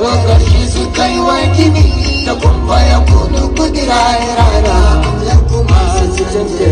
Kwa shizu kai wajimi Takumbaya kunu kudirai rara Kumazi chante